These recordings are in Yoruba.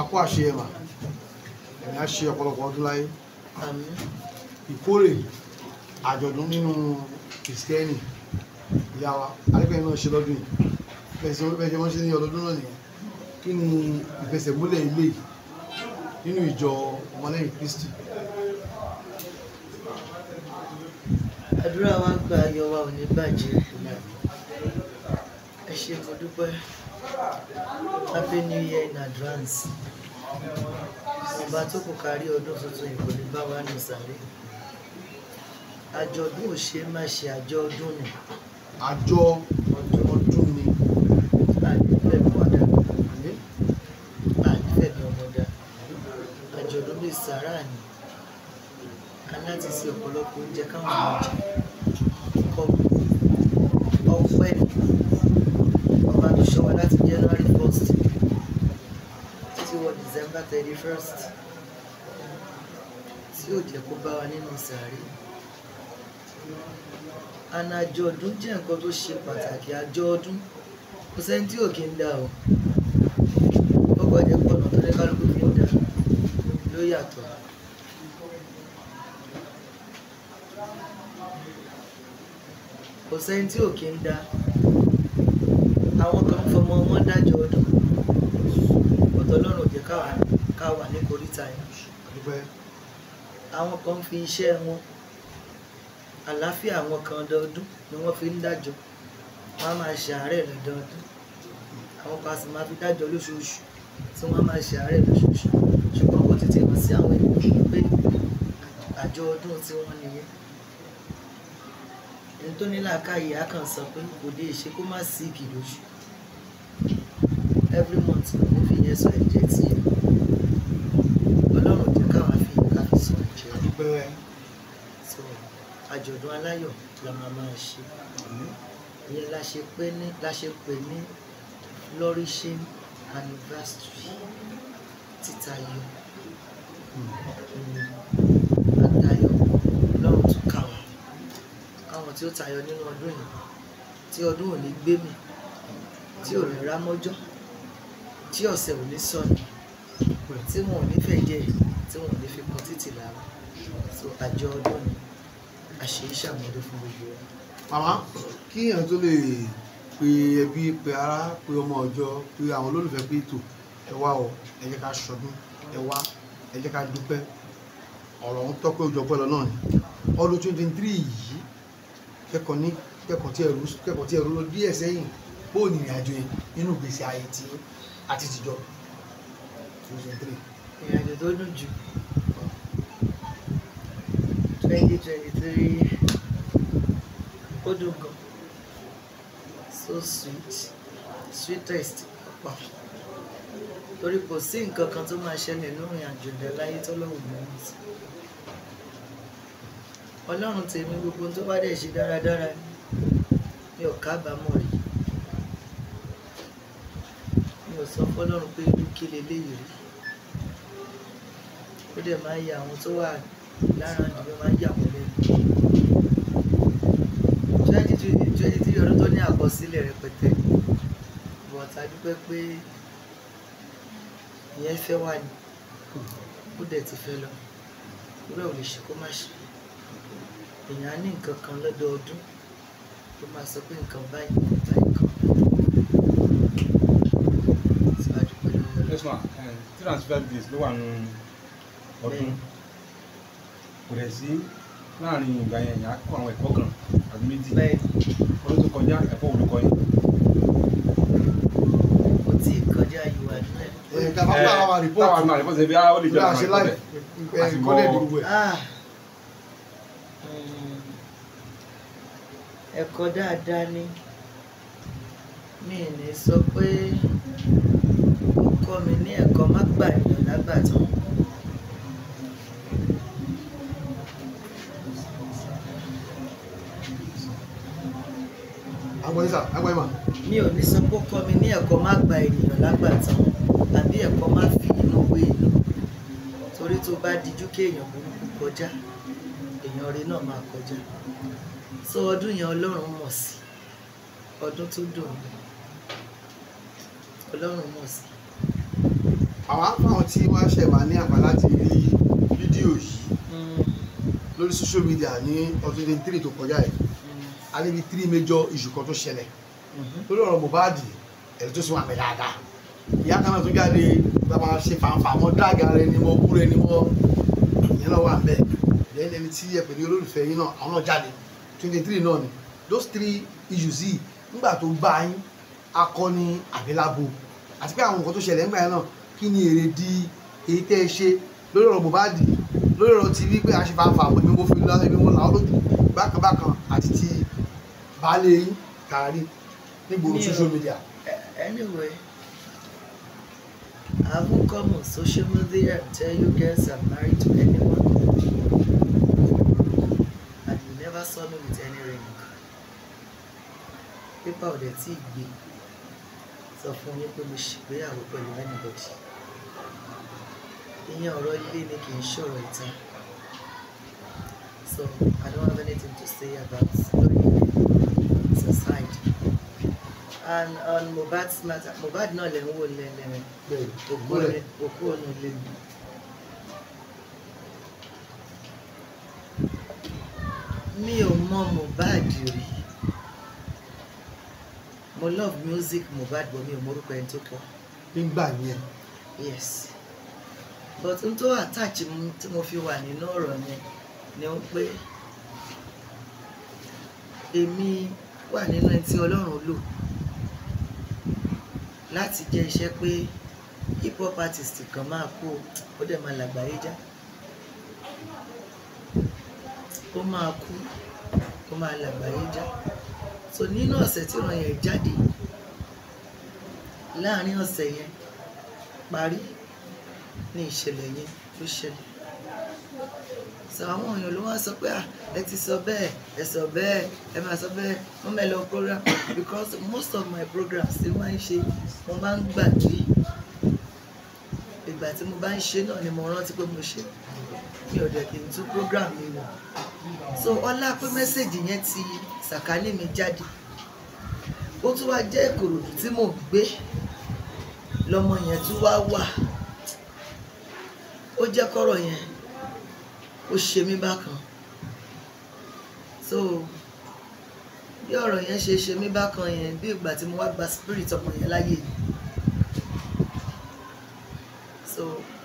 akó àṣeyẹ mà ẹ̀mí á ṣe ọ̀pọ̀lọpọ̀ ọdún láyé ìkórè àjọ̀dún nínú kìrìsìtẹ́nì ìyá wa alẹ́pẹ̀ẹ́ náà ṣe lọ́dún yìí bẹ́ẹ̀ ṣe wọ́n ṣe ní ọdọọdún náà nìyẹn kí ni ìfẹsẹ̀múlẹ̀ ilé nínú ìjọ ọmọlẹ́yìn Kristi. àdúrà wa ń gba ayọ̀ wa ò ní bàjẹ́ ẹ ṣé mo dúpẹ́ happy new year in advance ọba tó kò kárí ọdún tuntun ìbò ní bá wa nìsàlẹ̀ àjọ̀dún ò ṣe má ṣe àjọ ọdún ni. àjọ ọdún ọdún ni. àdìfẹ́ mi ọ̀dà àdìfẹ́ mi ọ̀mọ̀dà àjọ̀dún bíi sàrà ni a ṣe ọ̀pọ̀lọpọ̀ oúnjẹ káwọn ọmọ jẹ kọ́ mi. December thirty first tí ò jẹ́ kó bá wa nínú sàárè and àjọ ọdún jẹ́ nǹkan tó ṣe pàtàkì àjọ ọdún kò sẹ́ni tí ò kí ń dà o ọkọ̀ jẹ́ pọ̀ náà tó ní kálukú fi ń dà ló yàtọ̀. kò sẹ́ni tí ò ń dà àwọn kan fọmọ wọn dájọ́ ọdún ọ̀tọ̀ lọ́rùn jẹ́ ká wà ní koríta yìí àwọn kan fi iṣẹ́ wọn àlàáfíà àwọn kan dọdún ni wọ́n fi ń dájọ́ wọ́n á máa ṣe àárẹ̀ lọ́dọọdún àwọn kan sì máa fi dájọ́ lóṣooṣù tí wọ́n á máa ṣe àárẹ̀ lóṣooṣù ṣùgbọ́n kò tètè hàn sí àwọn ènìyàn pé àjọ ọdún tí wọ́n nìyẹn ẹni tó ní làákàyè á kàn sọ pé kò dé ìṣe kó má sí ìkìlóṣù every month. Jésù ẹ̀jẹ̀ tí Ọlọ́run jẹ́ káwọn fi ìka fi sọ ẹ̀jẹ̀ rẹ̀ so àjọ̀dún aláyọ̀ la máa máa ṣe ìyẹn la ṣe pé ní la ṣe pè ní flourishing anniversary títayọ àtayọ Ọlọ́run tún kà wá káwọn tí ó tayọ nínú ọdún yìí tí ọdún ò ní gbé mi tí ò ní rámọ́jọ́ tí ọ̀sẹ̀ ò ní sọnù tí wọn ò ní fẹ́ jẹ tí wọn ò ní fi kan títì lára so àjọ ọdún ni àṣẹ ìṣàmọdé fún gbogbo wa. màmá kí èèyàn tó lè pe ẹbí pe ará pe ọmọ ọjọ́ pe àwọn olólùfẹ́ pé ètò ẹ wá o ẹ jẹ́ ká ṣọdún ẹ wá ẹ jẹ́ ká dúpẹ́ ọ̀rọ̀ ń tọ́pẹ́ ojú ọpẹ́ lọ náà ni ọdún twenty three yìí kẹ́kọ̀ọ́ ní kẹ́kọ̀ọ́ tí ẹ̀rú kẹ́kọ̀ọ́ tí ẹ̀rú lọ díẹ̀ sẹ́yìn bóòlù ìrìn yẹn nínú gbèsè ayé tí àti tìjọ. ìrìnàjò tó dùn jù twenty twenty three ó dùn gan so sweet sweetest ọ̀pọ̀ torí kò sí nǹkan kan tó máa ṣẹlẹ̀ lórin àjò ìdá láyé tọ́lọ́hùn mọ́ sí ọlọ́run tèmi gbogbo tó bá dẹ̀ ṣe dáradára mi ò kábàámọ̀ ò sọ fọlọ́run pé irú kí rí ó dẹ̀ máa ń ya àwọn tó wà lára àgbẹ̀ máa ń yà wọ́n lẹ́nu twenty twenty three ọdún tó ní àkọsílẹ̀ rẹpẹtẹ bọ̀tà dúpẹ́ pé ìyẹn fẹ́ wà ní ó dẹ̀ ti fẹ́ lọ wúrọ̀ ò lè ṣe kó má ṣe èèyàn á ní nǹkan kan lọ́dọọdún tó máa sọ pé nǹkan báyìí tẹ̀sán eh, three and five days ló wà nù ọdún kò dẹ̀ sí láàrin ìgbà yẹn yà á kọ́ àwọn ẹ̀kọ́ kan àbí méjì ọdún tó kọjá ẹ̀kọ́ olùkọ́ yẹn. ó ti kọjá ìwà ìdílé. ẹ̀ kàfà fún àwọn àrìpọ̀ àwọn àrìpọ̀ ṣe bí a ah, ó lè jẹ́ àwọn àrìpọ̀ eh, àti mọ́ ah. eh, ẹ̀kọ́ dáadáa ni mi ì ní sọ pé. kọ́ mi ní ẹ̀kọ́ má gbà èèyàn lágbàtàn. mi ò ní sọ pé kọ́ mi ní ẹ̀kọ́ má fi inú wé inú torí tó bá dijú kéèyàn burúkú kọjá èèyàn rí náà máa kọjá sọ ọdún yẹn ọlọ́run mọ̀ sí ọdún tó àwọn afáwọn tí wọ́n ṣẹ̀ wá ní àgbà láti rí fídíò yìí lórí social media ní ọdún twenty three tó kọjá yìí a níbi three major issue kan tó ṣẹlẹ̀ lórí ọ̀rọ̀ Mohbad ẹ̀rí tó sì wà pẹ̀lú àdá ìyá kan náà tó jáde bàbá ṣe fàǹfà mọ́ dáàgà rẹ ni mo kúrẹ́ ni mo ìyẹn náà wà ń bẹ̀ lẹ́yìn ẹni tí ẹ pẹ̀lú olólùfẹ́ yín náà àwọn náà jáde twenty three náà ni those three issues yìí nígbà tó bá yín akọni àbílábo àti pé àwọn nǹkan tó ṣẹlẹ̀ nígbà yẹn náà kí ni èrèdí èyí tẹ́ ẹ ṣe lórí ọ̀rọ̀ Mohbad lórí ọ̀rọ̀ ti wípé a ṣe fà fà pé mo fi lọ ẹbí wọn làwọn lòdì bákan bákan àti ti baálé yín Gàárì nígboro social media. anyway I haven't come on social media and tell you girls I'm married to anyone and you never saw me with any ring pépà ọ̀dẹ̀ tí ì gbé sọ fún yín pé mo ṣègbéyàwó pẹ̀lú anybody ìyẹn ọ̀rọ̀ ilé ni kì í ṣọ̀rọ̀ ìta so I don't have anything to say about society and on Mohbad's matter Mohbad náà lè ń wò lẹ́lẹ́rìn òkú ònà lè mú. mi ò mọ Mohbad rí mo love music Mohbad but mi ò mọ orúkọ ẹni tó kọ. nígbà yẹn. yes but n tó attach mu tí mo fi wà nínú ọ̀rọ̀ yẹn ni ó pé èmi wà nínú ẹni tí ọlọ́run lò láti jẹ́ iṣẹ́ pé hip hop artist kan máa kó ó dẹ̀ máa làgbáyé já ó máa kú ó máa làgbáyé já so nínú ọ̀sẹ̀ tí ìran yẹn jáde láàrin ọ̀sẹ̀ yẹn parí ní ìṣẹ̀lẹ̀ yẹn ló ṣẹlẹ̀ sọ àwọn èèyàn ló wá sọ pé ah, ẹ ti sọ bẹ́ẹ̀ ẹ sọ bẹ́ẹ̀ ẹ máa sọ bẹ́ẹ̀ wọ́n mẹ́lẹ̀ program because most of my programs tí wọ́n ń ṣe mo máa ń gbàgbé ìgbà tí mo bá ń ṣe náà ni mo rántí pé mo ṣe mi ò dẹ̀ kí n tún program mi wò so ọlá pé mẹ́sẹ̀gì yẹn ti sàkání mi jáde ó tún wá jẹ́ ìkòròdú tí mò ń gbé lọ́mọ yẹn tún wá wà ó jẹ́ kọ́rọ̀ yẹn ó ṣe mí bákan so bí ọ̀rọ̀ yẹn ṣe ṣe mí bákan yẹn bí ìgbà tí mo wá gba spirit ọmọ yẹn láyè ni so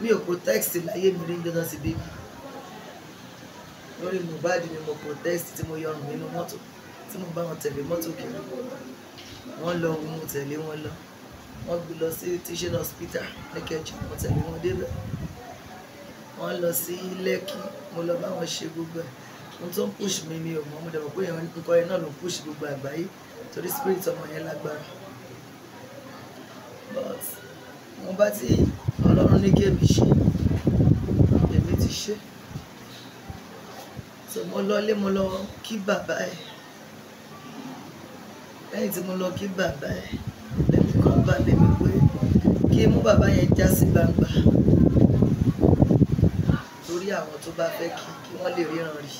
mi ò protest láyé mi rí gbẹ́nà sí bébí lórí Mohbad ni mo protest tí mo yọrùn nínú mọ́tò tí mo bá wọn tẹ̀lé mọ́tò kiri wọ́n lọ mo tẹ̀lé wọn lọ wọ́n gbé lọ sí teaching hospital ní Ìkẹjà mo tẹ̀lé wọn débẹ̀ wọ́n lọ sí Lẹ́kì mo lọ bá wọn ṣe gbogbo ẹ̀ ohun tó push mi mi ò mọ̀ mo dẹ̀bọ̀ pé nǹkan yẹn náà ló push gbogbo àgbáyé torí spirit ọmọ yẹn lágbára but mo bá tí Ọlọ́run ní kéèmí ṣe èmi ti ṣe so mo lọlé mo lọ kí bàbá ẹ lẹ́yìn tí mo lọ kí bàbá ẹ lẹ́yìn kan bá mi pé kí mú bàbá yẹn já sí gbangba àwọn tó bá fẹ́ kí kí wọ́n lè ríran rí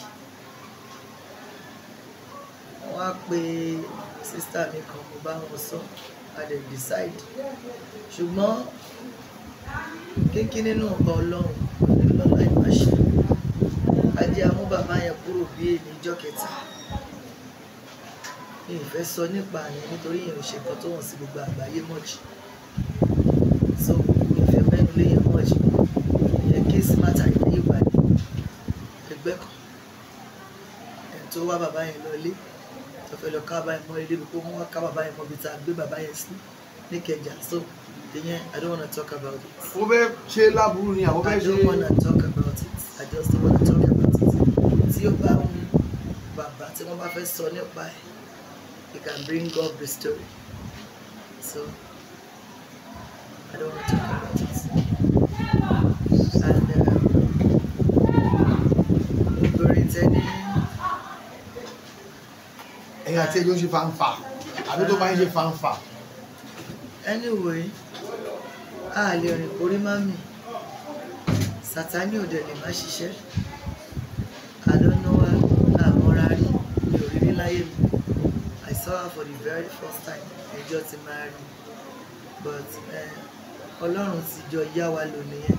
wọ́n á pe sísítà mi kan mo bá wọn sọ a lè decide ṣùgbọ́n kínkín nínú ọba ọlọ́run lọ́la ìmáṣe ajé amú bàbá yẹn kúrò bí èmi ìjọ kẹta mi ò fẹ́ sọ nípa àyẹ̀ nítorí yẹn ò ṣe kan tó hàn sí gbogbo àgbáyé mọ̀jì so wá bàbá yẹn lọlé tó fẹ́ lọ ká bàbá yẹn ilé kó mú ká bàbá yẹn mọ́ bí tá a gbé bàbá yẹn sí ní Ìkẹjà so ìyẹn I don't wanna talk about it. ó fẹ́ ṣe láburú ni àwọn fẹ́ ṣe. I don't wanna talk about it I just don't wanna talk about it tí ó bá ń bàbá tí wọ́n bá fẹ́ sọ nípa ẹ̀ you can bring up the story so I don't wanna talk. tí ẹjọ́ ń ṣe fanfa àbí tó bá ń ṣe fanfa. anyway a lè rìn kórí má mi sátani ò dẹ̀ lè má ṣiṣẹ́ àlọ́nàwá àmọ́ra rí mi ò rí rí láyé mi I saw her for the very first time ẹjọ́ ti máa rí but eh, ọlọ́run ti jọ yá wa lò nìyẹn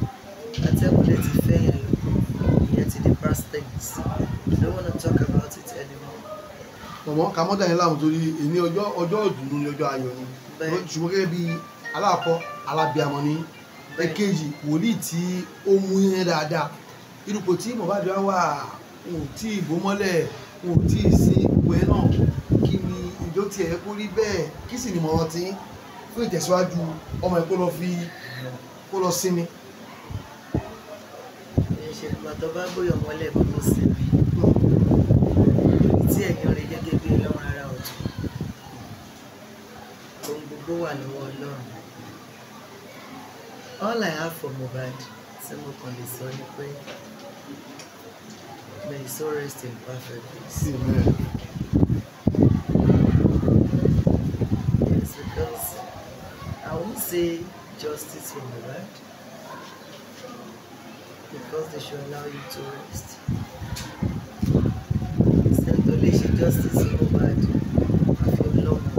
atẹ́kùnlé ti fẹ́ yẹn lò ìyẹn ti di past tense I don't wanna talk about it anymore mọ̀mọ́ ká mọ́dà yín láwọn torí èmi ọjọ́ ọjọ́ ìdùnnú ni ọjọ́ ayọ̀ ni ṣùgbọ́n gẹ́gẹ́ bí aláàkọ́ alábíàmọ́ ni èkejì wòlíì tí ó mú yẹn dáadáa irúpò tí Mohbad wá wà n ò tí ì bó mọ́lẹ̀ n ò tí ì sí ipò ẹ̀ náà kí ni ìjọ tiẹ̀ kó rí bẹ́ẹ̀ kí sì ni mọ̀ràn tí fún ìtẹ̀síwájú ọmọ ẹ̀ kó lọ fi kó lọ sinmi. ìṣègùn àtọ́ bá bóyọ̀ mọ́lẹ̀ kó tó sinmi. all I have for Mohbad tí mo kàn lè may his soul rest in perfect peace. Amen. Yes, because I won't say justice for Mohbad because they should allow you to rest. Sẹ́ńtò lè ṣe justice for Mohbad àfi Ọlọ́run.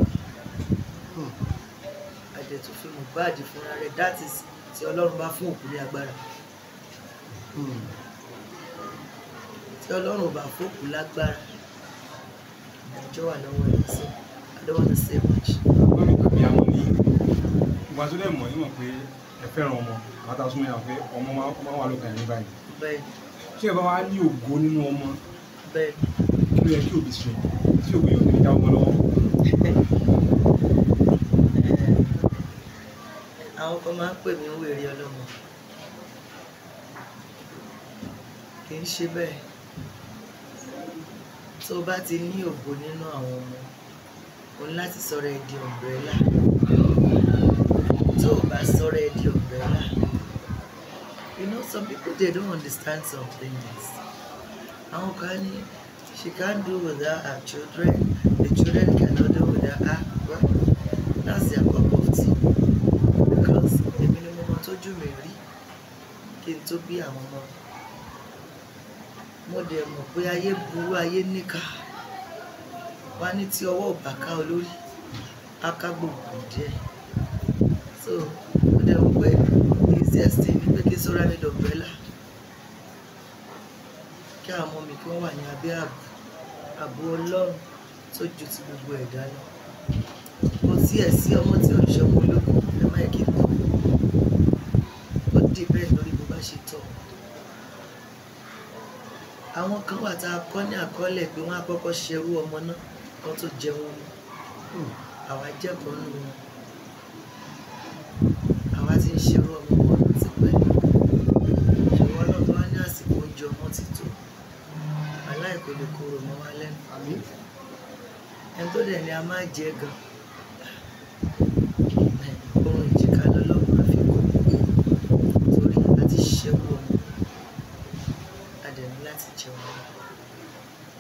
Àdètò fi Mohbad fúnra rẹ̀ that is. tí ọlọ́run bá fún òkú ní agbára hmm. tí ọlọ́run bá fún òkú lágbára ìdájọ́ wà lọ́wọ́ ẹ̀ sí I don't want to say much. lórí tàbí àwọn ní ìgbà tó dẹ̀ mọ̀ nímọ̀ pé ẹ fẹ́ràn ọmọ bàtà súnmọ́ yà pé ọmọ máa wà lókàn ní báyìí. bẹ́ẹ̀ tí ẹ bá wá ní ògo nínú ọmọ kí ló yẹ kí òbí ṣe tí òbí yóò fi dá ọmọ lọ́wọ́. àwọn kan máa ń pè mí wèrè ọlọ́mọ kì í ṣe bẹ́ẹ̀ tó o bá ti ní ògo nínú àwọn ọmọ o ní láti sọ̀rọ̀ ẹ̀ di ọ̀mbrẹ́là tó o bá sọ̀rọ̀ ẹ̀ di ọ̀mbrẹ́là you know some people they don't understand some things àwọn kan ní she can't do without her children the children cannot do without her. tó bí àwọn ọmọ mo dẹ̀ mọ̀ pé ayé burú ayé níkà wá ní tí ọwọ́ ọ̀bà ká olórí aká gbogbo díẹ̀ so mo dẹ̀ mọ̀ pé easiest thing ni pé kí sọ́ra ní dọ̀bẹ́là kí àwọn ọmọ mi kí wọ́n wà ní abẹ́ ààbò ààbò ọlọ́run tó ju ti gbogbo ẹ̀dá lọ kò sí ẹ̀ sí ọmọ tí ò ń ṣe ọmọ ológun ẹ má yẹ kí n bọ̀ ó dì náà ṣe tọ́ àwọn kan wà tá a kọ́ ní àkọọ́lẹ̀ pé wọ́n á kọ́kọ́ ṣerú ọmọ náà kan tó jẹ wọn mọ́ àwa jẹ́kọ̀ọ́ nù wọn àwa ti ń ṣerú ọmọ wọn ti pẹ́ ìwọ náà tó wá ní àsìkò oúnjẹ ọmọ ti tó aláìkò lè kúrò mọ́ wa lẹ́nu ẹni tó dẹ̀ ni a máa jẹ gan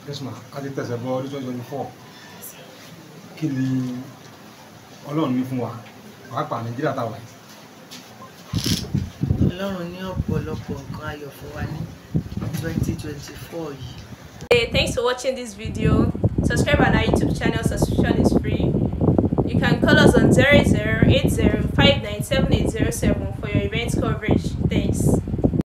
yes ma a bọ ọdún twenty four kí ni ọlọ́run ní fún wa pàápàá nàìjíríà tá ọlọ́run ní ọ̀pọ̀lọpọ̀ nǹkan ayọ̀ fún wa ní twenty twenty four yìí. Hey, thanks for watching this video. Subscribe on our YouTube channel, subscription is free. You can call us on 0080 for your event coverage. Thanks.